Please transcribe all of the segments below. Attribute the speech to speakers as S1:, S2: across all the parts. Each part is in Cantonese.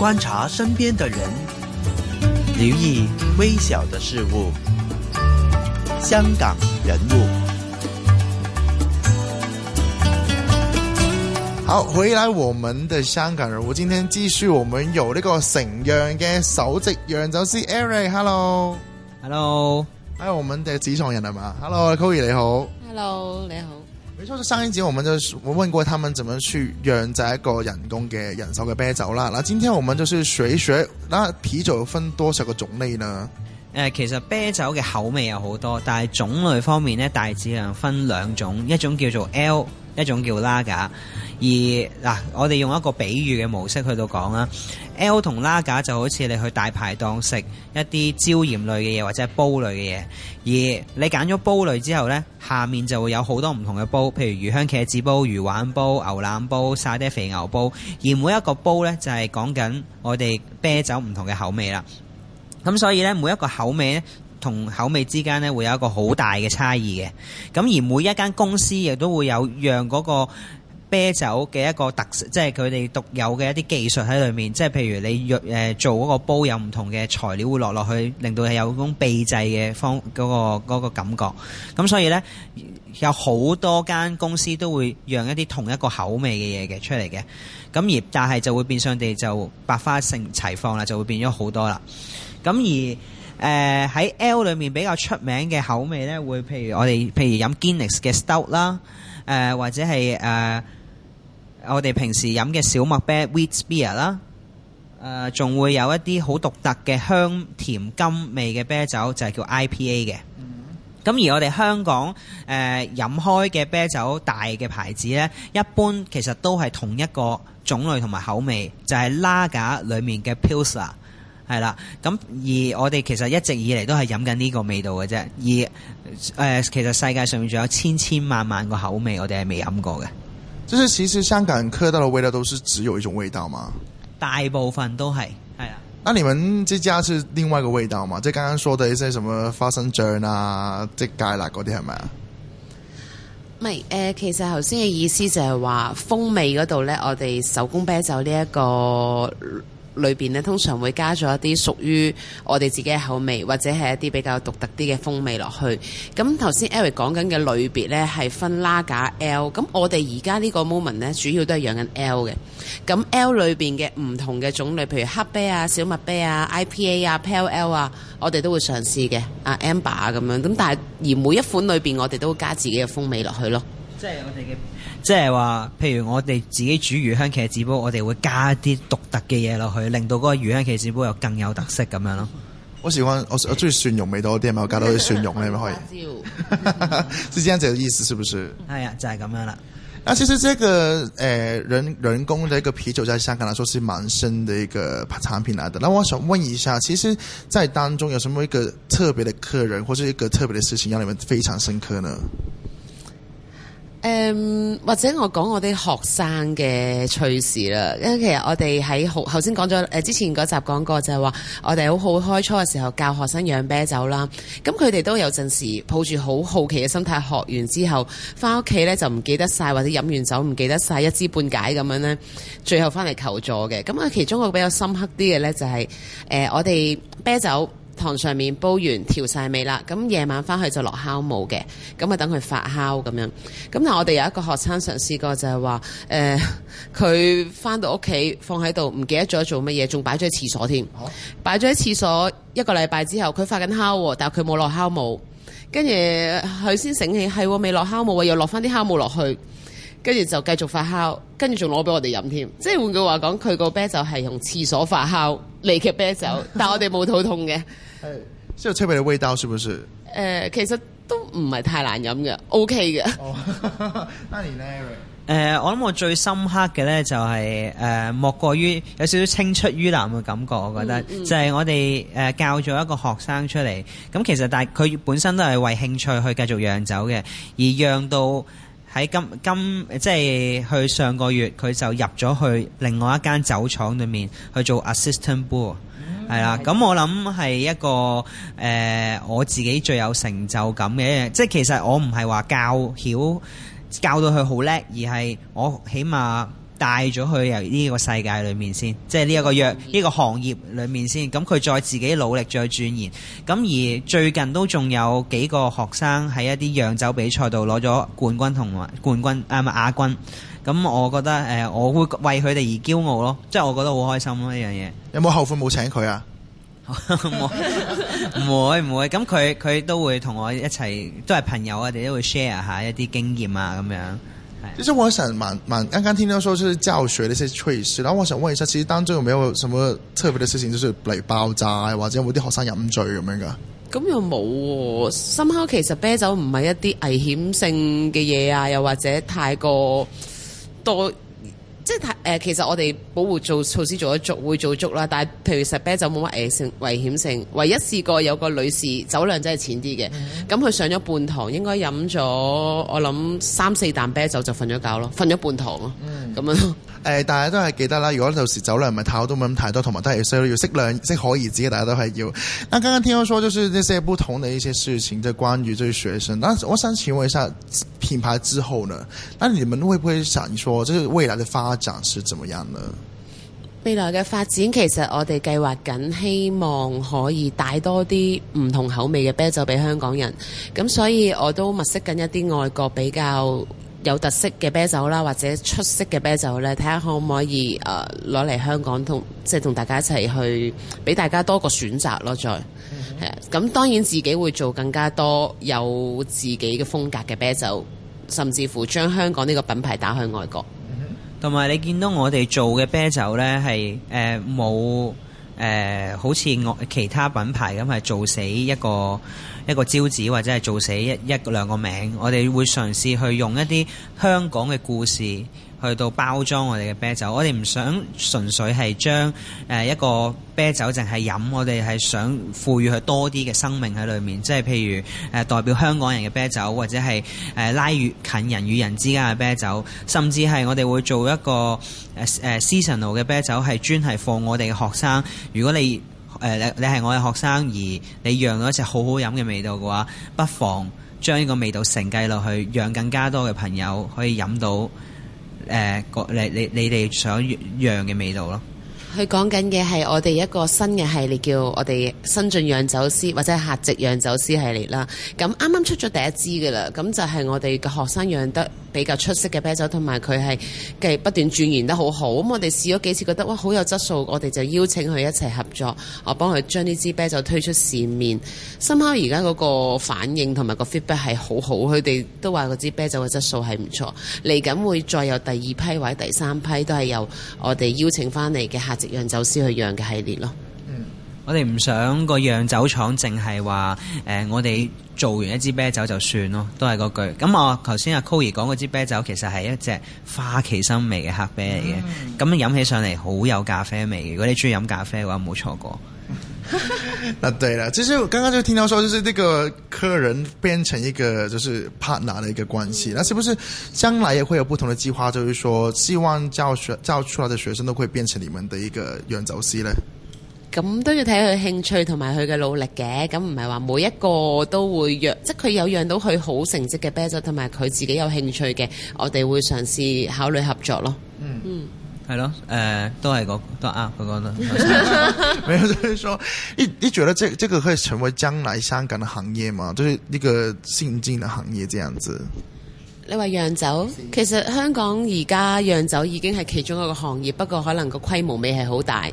S1: 觀察身邊的人，留意微小的事物。香港人物，好，回來我們的香港人物。今天繼續，我們有呢個成陽嘅首席釀酒師 Eric Hello.。Hello，Hello，Hello 係我們的紙創人係嘛 Hello，Koey 你好，Hello 你好。沒錯，上一集我們就我問過他們，怎麼去釀製一個人工嘅人手嘅啤酒啦。嗱，今天我們就是學一學，那啤酒分多少個種類呢？誒、
S2: 呃，其實啤酒嘅口味有好多，但係種類方面呢，大致上分兩種，一種叫做 L。一種叫拉架，而嗱、啊、我哋用一個比喻嘅模式去到講啦，L 同拉架就好似你去大排檔食一啲椒鹽類嘅嘢或者係煲類嘅嘢，而你揀咗煲類之後呢，下面就會有好多唔同嘅煲，譬如魚香茄子煲、魚丸煲、牛腩煲、沙爹肥牛煲，而每一個煲呢，就係、是、講緊我哋啤酒唔同嘅口味啦。咁所以呢，每一個口味呢，同口味之間呢，會有一個好大嘅差異嘅。咁而每一間公司亦都會有讓嗰個啤酒嘅一個特色，即係佢哋獨有嘅一啲技術喺裏面。即係譬如你做嗰個煲，有唔同嘅材料會落落去，令到係有種秘製嘅方嗰、嗰個嗰個感覺。咁所以呢，有好多間公司都會讓一啲同一個口味嘅嘢嘅出嚟嘅。咁而但係就會變相地就百花盛齊放啦，就會變咗好多啦。咁而誒喺、呃、L 裏面比較出名嘅口味呢，會譬如我哋譬如飲 Guinness 嘅 Stout 啦，誒、呃、或者係誒、呃、我哋平時飲嘅小麥啤 Wheat Beer 啦，誒、呃、仲會有一啲好獨特嘅香甜甘味嘅啤酒，就係、是、叫 IPA 嘅。咁、嗯、而我哋香港誒飲、呃、開嘅啤酒大嘅牌子呢，一般其實都係同一個種類同埋口味，就係拉架裏面嘅 Pilsner。係啦，咁而我哋其實一直以嚟都係飲緊呢個味道嘅啫，而誒、呃、其實世界上面仲有千千萬萬個口味，我哋係未飲過嘅。
S1: 即係其實香港喝到嘅味道，都是只有一種味道嘛，
S2: 大部分都係，
S1: 係啊。那你們即家是另外一個味道嘛？即係剛剛說嘅一些什麼花生醬啊，即芥辣嗰啲係咪啊？
S3: 唔係其實頭先嘅意思就係話風味嗰度咧，我哋手工啤酒呢、這、一個。裏邊咧通常會加咗一啲屬於我哋自己嘅口味，或者係一啲比較獨特啲嘅風味落去。咁頭先 Eric 講緊嘅類別呢係分拉架 L，咁我哋而家呢個 moment 呢主要都係養緊 L 嘅。咁 L 裏邊嘅唔同嘅種類，譬如黑啤啊、小麥啤啊、IPA 啊、Pale Ale 啊，我哋都會嘗試嘅。啊、uh，amber 啊咁樣，咁但係而每一款裏邊我哋都會加自己嘅風味落去咯。即係我哋嘅。即係話，譬如我哋自己
S2: 煮魚香茄子煲，我哋會加一啲獨特嘅嘢落去，令到嗰個魚香茄子煲又更有特色
S1: 咁樣咯。我喜歡我我中意蒜蓉味多啲啊，我加多啲蒜蓉咪可以。是這樣子嘅意思，是不是？係啊，就係咁樣啦。啊，其實這個誒人、呃、人工嘅一個啤酒，在香港來說是蠻深嘅一個產品嚟的。那我想問一下，其實，在當中有什麼一個特別嘅客人，或者一個特別嘅事情，讓你們非常深刻呢？
S3: 誒、um, 或者我講我啲學生嘅趣事啦，因為其實我哋喺頭先講咗誒之前嗰集講過就係話我哋好好開初嘅時候教學生釀啤酒啦，咁佢哋都有陣時抱住好好奇嘅心態，學完之後翻屋企咧就唔記得晒，或者飲完酒唔記得晒，一知半解咁樣咧，最後翻嚟求助嘅，咁啊其中一個比較深刻啲嘅咧就係、是、誒、呃、我哋啤酒。堂上面煲完調晒味啦，咁夜晚翻去就落酵母嘅，咁啊等佢發酵咁樣。咁但我哋有一個學生嘗試過就係話，誒佢翻到屋企放喺度唔記得咗做乜嘢，仲擺咗喺廁所添，擺咗喺廁所一個禮拜之後佢發緊酵，喔，但係佢冇落酵母，跟住佢先醒起係喎，未落酵母喎，又落翻啲酵母落去。跟住就繼續發酵，跟住仲攞俾我哋飲添。即係換句話講，佢個啤酒係用廁所發酵嚟嘅啤酒，但係我哋冇肚痛嘅。係，
S1: 即係有特別嘅味道，是不是？
S3: 誒，其實都唔係太難飲嘅，OK 嘅。
S2: 哦、 呃，我諗我最深刻嘅呢、就是，就係誒，莫過於有少少青出於藍嘅感覺。我覺得就係我哋誒、呃、教咗一個學生出嚟。咁其實但係佢本身都係為興趣去繼續釀酒嘅，而釀到。喺今今即係去上個月，佢就入咗去另外一間酒廠裏面去做 assistant brew，係啦。咁我諗係一個誒、呃、我自己最有成就感嘅一樣，即係其實我唔係話教曉教到佢好叻，而係我起碼。帶咗去由呢個世界裏面先，即係呢一個藥呢個行業裏面先。咁佢再自己努力再鑽研。咁而最近都仲有幾個學生喺一啲釀酒比賽度攞咗冠軍同埋冠軍啊，唔係亞軍。咁我覺得誒，我會為佢哋而驕傲咯。即係我覺得好開心呢樣嘢。有冇後悔冇請佢啊？冇 不，唔會唔會。咁佢佢都會同我一齊都係朋友啊，哋都會 share 下一啲經驗啊咁樣。
S1: 其實我想慢慢，滿滿剛剛聽到說，就是教學那些趣事，然後我想問一下，其實當中有沒有什麼特別的事情，就是嚟爆炸或者有冇啲學生飲醉咁 樣噶？
S3: 咁又冇，哦，幸好其實啤酒唔係一啲危險性嘅嘢，啊，又或者太過多。即係誒，其實我哋保護做措施做得足，會做足啦。但係譬如食啤酒冇乜危性危險性，唯一試過有個女士酒量真係淺啲嘅，咁佢、嗯、上咗半堂，應該飲咗我諗三四啖啤酒就瞓咗覺咯，瞓咗半堂咯，咁、嗯、樣咯。
S1: 誒、呃，大家都係記得啦。如果到時酒量唔係太好，都冇咁太多，同埋都係需要要適量、適可而止嘅。大家都係要。啊，剛剛聽講說，就是一些不同的一些事情，就是、關於這些學生。那我想請問一下，品牌之後呢？那你們會不會想說，這、就是、未來嘅發展是怎麼樣呢？
S3: 未來嘅發展其實我哋計劃緊，希望可以帶多啲唔同口味嘅啤酒俾香港人。咁所以我都物識緊一啲外國比較。有特色嘅啤酒啦，或者出色嘅啤酒咧，睇下可唔可以誒攞嚟香港同即係同大家一齊去，俾大家多個選擇咯。再係啊，咁、嗯哼嗯、當然自己會做更加多有自己嘅風格嘅啤酒，甚至乎將香港呢個品牌打去外國。同埋、嗯、哼你
S2: 見到我哋做嘅啤酒咧，係誒冇。呃誒、呃，好似我其他品牌咁係做死一個一個招子，或者係做死一一個兩個名，我哋會嘗試去用一啲香港嘅故事。去到包裝我哋嘅啤酒，我哋唔想純粹係將誒一個啤酒淨係飲，我哋係想賦予佢多啲嘅生命喺裏面，即係譬如誒、呃、代表香港人嘅啤酒，或者係誒、呃、拉近人與人之間嘅啤酒，甚至係我哋會做一個誒誒 seasonal 嘅啤酒，係專係放我哋嘅學生。如果你誒、呃、你你係我嘅學生，而你釀到一隻好好飲嘅味道嘅話，不妨將呢個味道承繼落去，釀更加多嘅朋友可以飲到。誒個你你你哋想讓嘅味道咯。
S3: 佢講緊嘅係我哋一個新嘅系列，叫我哋新進釀酒師或者客席釀酒師系列啦。咁啱啱出咗第一支噶啦，咁就係、是、我哋嘅學生釀得比較出色嘅啤酒，同埋佢係繼續不斷鑽研得好好。咁我哋試咗幾次，覺得哇好有質素，我哋就邀請佢一齊合作，我幫佢將呢支啤酒推出市面。幸好而家個反應同埋個 feedback 係好好，佢哋都話支啤酒嘅質素係唔錯。嚟緊會再有第二批或者第三批，都係由我哋邀請翻嚟嘅客。即釀酒師去釀嘅系列咯 我、呃，我哋
S2: 唔想個釀酒廠淨係話，誒，我哋做完一支啤酒就算咯，都係嗰句。咁我頭先阿 Koir 講嗰支啤酒，其實係一隻花旗參味嘅黑啤嚟嘅，咁飲起上嚟好有咖啡味。如果你中意飲咖啡嘅話，冇錯過。
S1: 那 對啦，其實我剛剛就聽到說，就是這個客人變成一個就是 partner 的一個關係，那是不是將來也會有不同的計劃？就是說，希望教學教出來的學生都會變成你們的一個釀酒師呢？
S3: 咁、嗯、都要睇佢興趣同埋佢嘅努力嘅，咁唔係話每一個都會釀，即係佢有釀到佢好成績嘅啤酒，同埋佢自己有興趣嘅，我哋會嘗試考慮合作咯。
S1: 係咯，誒，都係個都啱嗰個啦。 沒有，就是說，你你覺得這這個可以成為將來香港的行業嗎？就是一個新興的行業這樣子。
S3: 你話釀酒，其實香港而家釀酒已經係其中一個行業，不過可能個規模未係好大。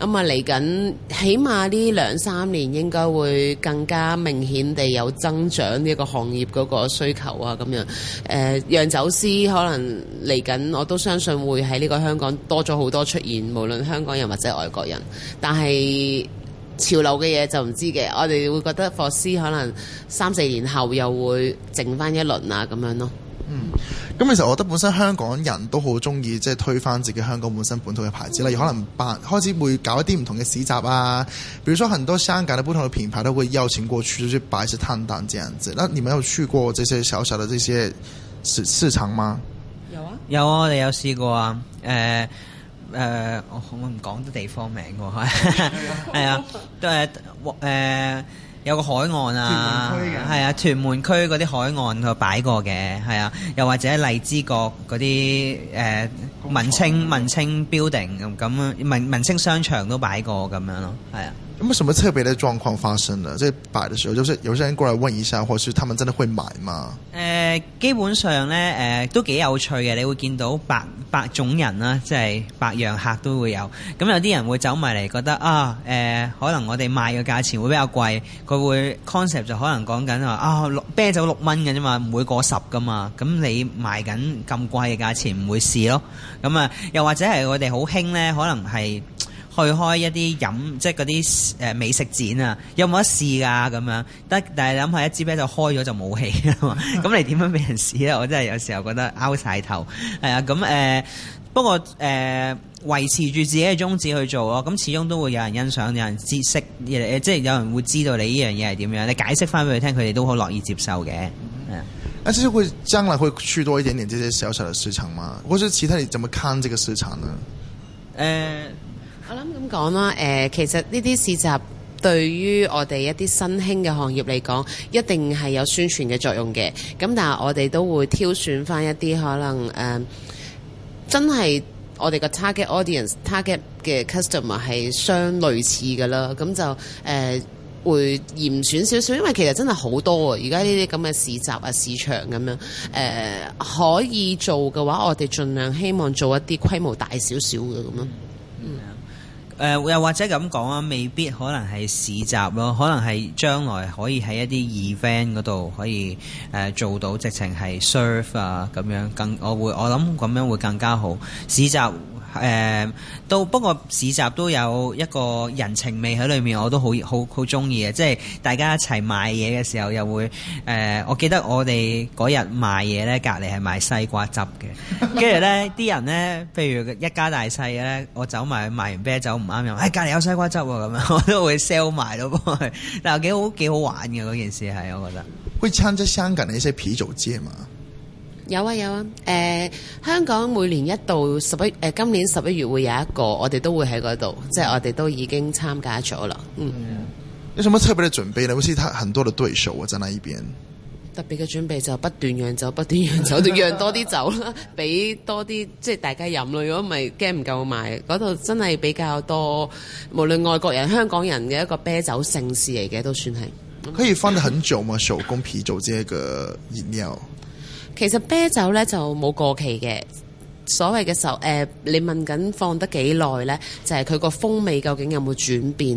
S3: 咁啊，嚟緊起碼呢兩三年應該會更加明顯地有增長呢一個行業嗰個需求啊，咁樣誒釀酒師可能嚟緊，我都相信會喺呢個香港多咗好多出現，無論香港人或者外國人。但係潮流嘅嘢就唔知嘅，我哋會覺得霍師可能三四年後又會剩翻一輪啊，咁樣咯。
S1: 嗯，咁其實我覺得本身香港人都好鍾意即係推翻自己香港本身本土嘅牌子啦，而可能八開始會搞一啲唔同嘅市集啊，譬如說很多香港嘅不同嘅品牌都會邀請過去就去擺市攤檔這樣子。那你們有去過這些小小的這些市市場嗎？
S2: 有啊，有啊，我哋有試過啊。誒、呃、誒、呃，我好唔講啲地方名喎，係 啊，都係有個海岸啊，係啊，屯門區嗰啲海岸佢擺過嘅，係啊，又或者荔枝角嗰啲誒、文青文青 building 咁咁，啊文文青商場都擺過咁樣咯，係啊。
S1: 有冇什麼特別嘅狀況發生呢？即係擺嘅時候，有、就是有些人過嚟問一下，或者是他們真的會買嗎？
S2: 誒、呃，基本上呢，誒、呃、都幾有趣嘅。你會見到百百種人啦，即係百樣客都會有。咁有啲人會走埋嚟，覺得啊，誒、呃，可能我哋賣嘅價錢會比較貴，佢會 concept 就可能講緊話啊，六啤酒六蚊嘅啫嘛，唔會過十㗎嘛。咁你賣緊咁貴嘅價錢唔會試咯。咁啊、呃，又或者係我哋好興呢，可能係。去開一啲飲，即係嗰啲誒美食展啊，有冇得試噶咁樣？得，但係諗下一支啤就開咗就冇氣啊嘛，咁你點樣俾人試咧？我真係有時候覺得拗晒頭。係啊，咁、呃、誒，不過誒維、呃、持住自己嘅宗旨去做咯，咁始終都會有人欣賞，有人知識，即係有人會知道你呢樣嘢係點樣，你解釋翻俾佢聽，佢哋都好樂意接受嘅。
S1: 啊，阿叔叔會將來會去多一點點這些小小的市場嘛，或者其他你怎麼看這個市
S3: 場呢？誒、呃。我諗咁講啦，誒、呃，其實呢啲市集對於我哋一啲新興嘅行業嚟講，一定係有宣傳嘅作用嘅。咁但係我哋都會挑選返一啲可能誒、呃，真係我哋個 target audience、target 嘅 customer 係相類似噶啦。咁就誒、呃，會嚴選少少，因為其實真係好多啊！而家呢啲咁嘅市集啊、市場咁樣，誒、呃，可以做嘅話，我哋盡量希望做一啲規模大少少嘅咁樣。
S2: 誒又、呃、或者咁講啊，未必可能係市集咯，可能係將來可以喺一啲 event 嗰度可以誒、呃、做到，直情係 serve 啊咁樣，更我會我諗咁樣會更加好市集。誒、呃、都不過市集都有一個人情味喺裏面，我都好好好中意嘅，即係大家一齊賣嘢嘅時候又會誒、呃。我記得我哋嗰日賣嘢咧，隔離係賣西瓜汁嘅，跟住咧啲人咧，譬如一家大細嘅咧，我走埋賣完啤酒唔啱用，
S1: 隔離、哎、有西瓜汁喎、啊，咁樣
S2: 我都會 sell 賣咗過去，嗱 幾好幾好玩嘅嗰件事係，我覺得。
S1: 會參加香港一些啤酒嘛。
S3: 有啊有啊，誒、啊呃、香港每年一到十一誒、呃，今年十一月會有一個，我哋都會喺嗰度， 即係我哋都已經參加咗啦。嗯，
S1: 有 什麼特別的準備咧？因為佢很多嘅對手啊，在那呢邊。
S3: 特別嘅準備就不斷釀酒，不斷釀酒，就釀多啲酒啦，俾 多啲即係大家飲咯。如果唔係驚唔夠賣，嗰度真係比較多，無論外國人、香港人嘅一個啤酒盛事嚟嘅，都算係。嗯、 可以放得
S1: 很久嘛？手工啤酒，即係個飲料。
S3: 其實啤酒呢就冇過期嘅，所謂嘅時候誒，你問緊放得幾耐呢？就係佢個風味究竟有冇轉變？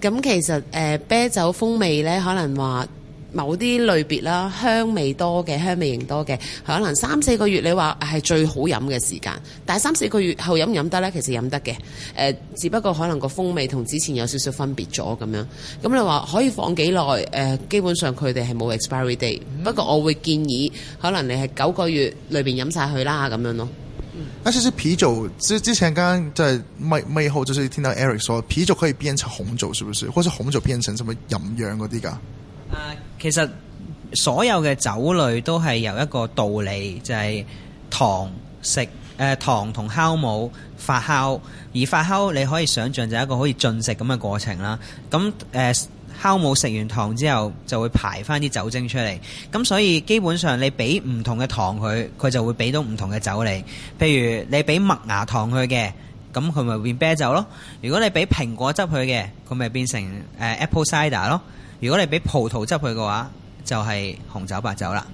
S3: 咁、嗯、其實誒、呃、啤酒風味呢，可能話。某啲類別啦，香味多嘅香味型多嘅，可能三四個月你話係最好飲嘅時間，但係三四個月後飲唔飲得咧？其實飲得嘅誒、呃，只不過可能個風味同之前有少少分別咗咁樣。咁你話可以放幾耐誒？基本上佢哋係冇 expiry day，不過我會建議可能你係九個月裏邊飲晒佢啦咁樣咯。誒，少少啤酒
S1: 之前剛即係咪咪好？就是聽到 Eric 說啤酒可以變成紅酒，是不是？或者紅酒變成什麼飲樣嗰啲㗎？Uh, 其實所有嘅酒類
S2: 都係由一個道理，就係、是、糖食誒、呃、糖同酵母發酵，而發酵你可以想象就係一個可以進食咁嘅過程啦。咁誒、呃、酵母食完糖之後就會排翻啲酒精出嚟，咁所以基本上你俾唔同嘅糖佢，佢就會俾到唔同嘅酒嚟。譬如你俾麥芽糖佢嘅。咁佢咪變啤酒咯？如果你俾蘋果汁佢嘅，佢咪變成誒、呃、Apple cider 咯。如果你俾葡萄汁佢嘅話，就係、是、紅酒白酒啦。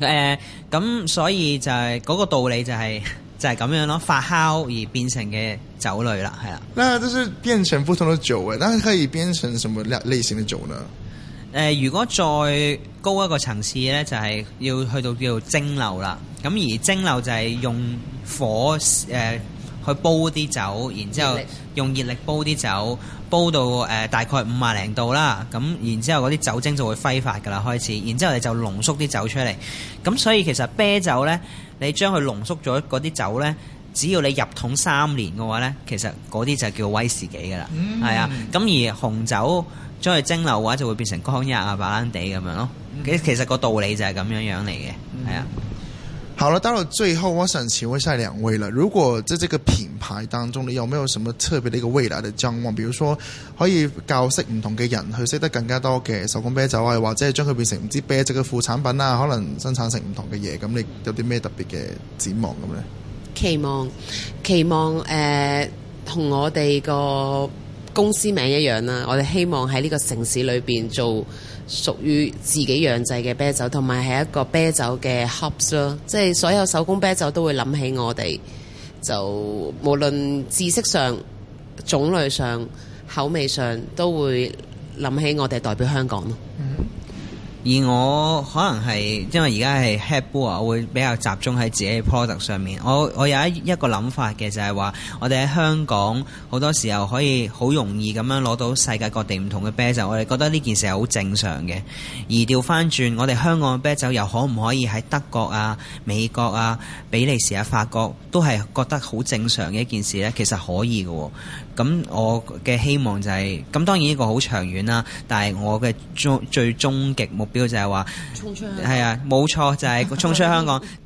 S2: 誒、呃、咁，所以就係、是、嗰、那個道理就係、是、就係、是、咁樣咯，發酵而變成嘅酒類啦，係啊。
S1: 那就是變成不同的酒嘅，那可以變成什麼類型嘅酒呢？
S2: 誒、呃，如果再高一個層次咧，就係、是、要去到叫做蒸餾啦。咁而蒸餾就係用火誒。呃去煲啲酒，然之後用熱力煲啲酒，煲到誒、呃、大概五萬零度啦。咁然之後嗰啲酒精就會揮發噶啦，開始。然之後你就濃縮啲酒出嚟。咁所以其實啤酒呢，你將佢濃縮咗嗰啲酒呢，只要你入桶三年嘅話呢，其實嗰啲就叫威士忌噶啦。係、嗯、啊。咁而紅酒將佢蒸餾嘅話，就會變成乾邑啊、白蘭地咁樣咯。嗯、其實個道理就係咁樣樣嚟嘅。係啊。
S1: 好啦，到最後，我想請問晒兩位啦。如果即係呢個品牌當中你有沒有什麼特別的一個未來的展望？比如說，可以教識唔同嘅人去識得更加多嘅手工啤酒啊，或者係將佢變成唔知，唔知啤酒嘅副產品啊，可能生產成唔同嘅嘢。咁你有啲咩特別嘅展望咁呢期望？
S3: 期望期望誒，同我哋個公司名一樣啦。我哋希望喺呢個城市裏邊做。屬於自己釀製嘅啤酒，同埋係一個啤酒嘅 hops 咯，即係所有手工啤酒都會諗起我哋，就無論知識上、種類上、口味上，都會諗起我哋代表香港咯。
S2: 而我可能係因為而家係 head brewer 我會比較集中喺自己嘅 product 上面。我我有一一個諗法嘅就係話，我哋喺香港好多時候可以好容易咁樣攞到世界各地唔同嘅啤酒，我哋覺得呢件事係好正常嘅。而調翻轉，我哋香港嘅啤酒又可唔可以喺德國啊、美國啊、比利時啊、法國都係覺得好正常嘅一件事呢？其實可以嘅喎、哦。咁我嘅希望就係，咁當然呢個好長遠啦，但係我嘅終最終極目標就係話，衝出，係啊，
S1: 冇錯，就係衝出香港。